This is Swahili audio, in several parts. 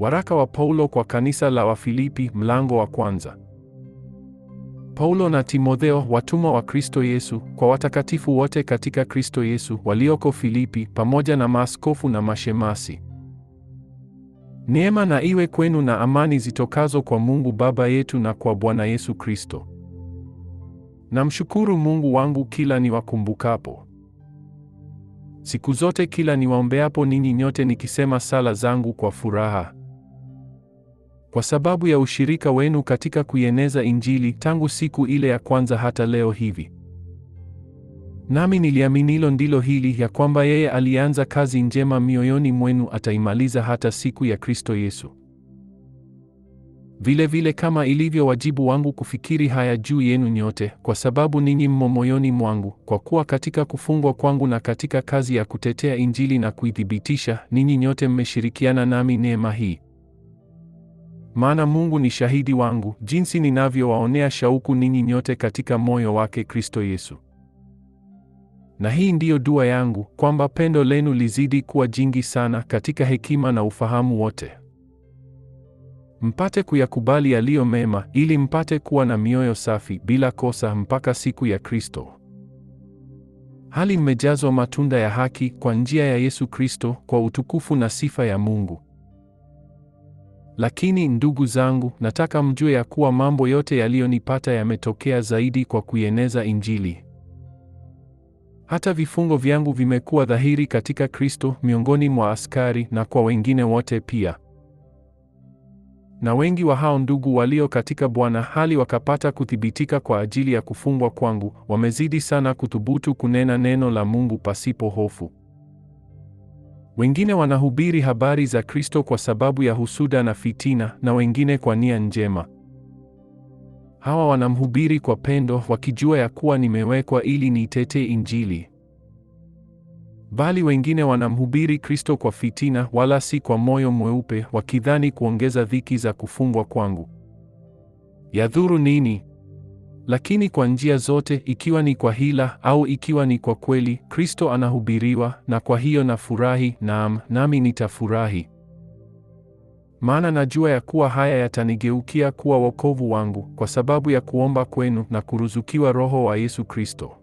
Waraka wa Paulo kwa kanisa la Wafilipi mlango wa kwanza. Paulo na Timotheo watumwa wa Kristo Yesu kwa watakatifu wote katika Kristo Yesu walioko Filipi pamoja na maaskofu na mashemasi. Neema na iwe kwenu na amani zitokazo kwa Mungu Baba yetu na kwa Bwana Yesu Kristo. Namshukuru Mungu wangu kila niwakumbukapo. Siku zote kila niwaombeapo ninyi nyote nikisema sala zangu kwa furaha kwa sababu ya ushirika wenu katika kuieneza Injili tangu siku ile ya kwanza hata leo hivi. Nami niliamini hilo ndilo hili, ya kwamba yeye alianza kazi njema mioyoni mwenu ataimaliza hata siku ya Kristo Yesu. Vilevile vile kama ilivyo wajibu wangu kufikiri haya juu yenu nyote, kwa sababu ninyi mmo moyoni mwangu, kwa kuwa katika kufungwa kwangu na katika kazi ya kutetea Injili na kuithibitisha, ninyi nyote mmeshirikiana nami neema hii. Maana Mungu ni shahidi wangu jinsi ninavyowaonea shauku ninyi nyote katika moyo wake Kristo Yesu. Na hii ndiyo dua yangu, kwamba pendo lenu lizidi kuwa jingi sana katika hekima na ufahamu wote, mpate kuyakubali yaliyo mema, ili mpate kuwa na mioyo safi bila kosa, mpaka siku ya Kristo, hali mmejazwa matunda ya haki kwa njia ya Yesu Kristo, kwa utukufu na sifa ya Mungu. Lakini ndugu zangu, nataka mjue ya kuwa mambo yote yaliyonipata yametokea zaidi kwa kuieneza Injili. Hata vifungo vyangu vimekuwa dhahiri katika Kristo miongoni mwa askari na kwa wengine wote pia. Na wengi wa hao ndugu walio katika Bwana hali wakapata kuthibitika kwa ajili ya kufungwa kwangu, wamezidi sana kuthubutu kunena neno la Mungu pasipo hofu. Wengine wanahubiri habari za Kristo kwa sababu ya husuda na fitina, na wengine kwa nia njema. Hawa wanamhubiri kwa pendo, wakijua ya kuwa nimewekwa ili niitetee Injili. Bali wengine wanamhubiri Kristo kwa fitina, wala si kwa moyo mweupe, wakidhani kuongeza dhiki za kufungwa kwangu yadhuru nini? Lakini kwa njia zote, ikiwa ni kwa hila au ikiwa ni kwa kweli, Kristo anahubiriwa, na kwa hiyo nafurahi. Naam, nami nitafurahi, maana najua ya kuwa haya yatanigeukia kuwa wokovu wangu, kwa sababu ya kuomba kwenu na kuruzukiwa Roho wa Yesu Kristo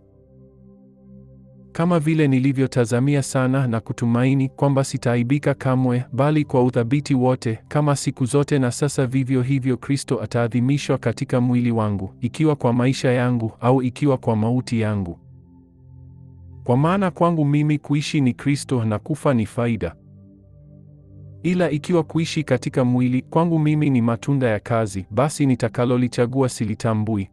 kama vile nilivyotazamia sana na kutumaini kwamba sitaaibika kamwe, bali kwa uthabiti wote, kama siku zote na sasa vivyo hivyo, Kristo ataadhimishwa katika mwili wangu, ikiwa kwa maisha yangu au ikiwa kwa mauti yangu. Kwa maana kwangu mimi kuishi ni Kristo na kufa ni faida. Ila ikiwa kuishi katika mwili kwangu mimi ni matunda ya kazi, basi nitakalolichagua silitambui.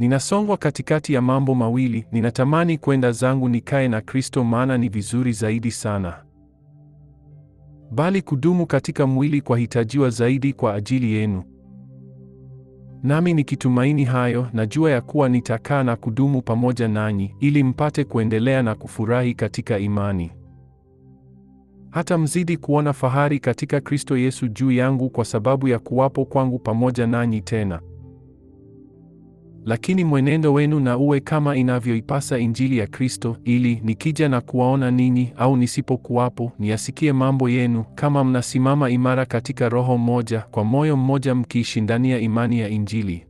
Ninasongwa katikati ya mambo mawili, ninatamani kwenda zangu nikae na Kristo maana ni vizuri zaidi sana. Bali kudumu katika mwili kwahitajiwa zaidi kwa ajili yenu. Nami nikitumaini hayo, najua ya kuwa nitakaa na kudumu pamoja nanyi ili mpate kuendelea na kufurahi katika imani. Hata mzidi kuona fahari katika Kristo Yesu juu yangu kwa sababu ya kuwapo kwangu pamoja nanyi tena. Lakini mwenendo wenu na uwe kama inavyoipasa Injili ya Kristo, ili nikija na kuwaona ninyi au nisipokuwapo, niyasikie mambo yenu, kama mnasimama imara katika roho mmoja, kwa moyo mmoja, mkiishindania imani ya Injili,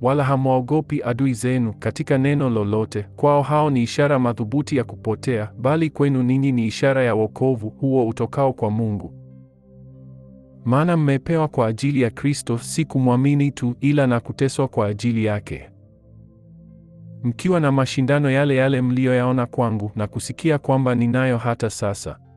wala hamwaogopi adui zenu katika neno lolote. Kwao hao ni ishara madhubuti ya kupotea, bali kwenu ninyi ni ishara ya wokovu huo utokao kwa Mungu. Maana mmepewa kwa ajili ya Kristo si kumwamini tu, ila na kuteswa kwa ajili yake, mkiwa na mashindano yale yale mliyoyaona kwangu na kusikia kwamba ninayo hata sasa.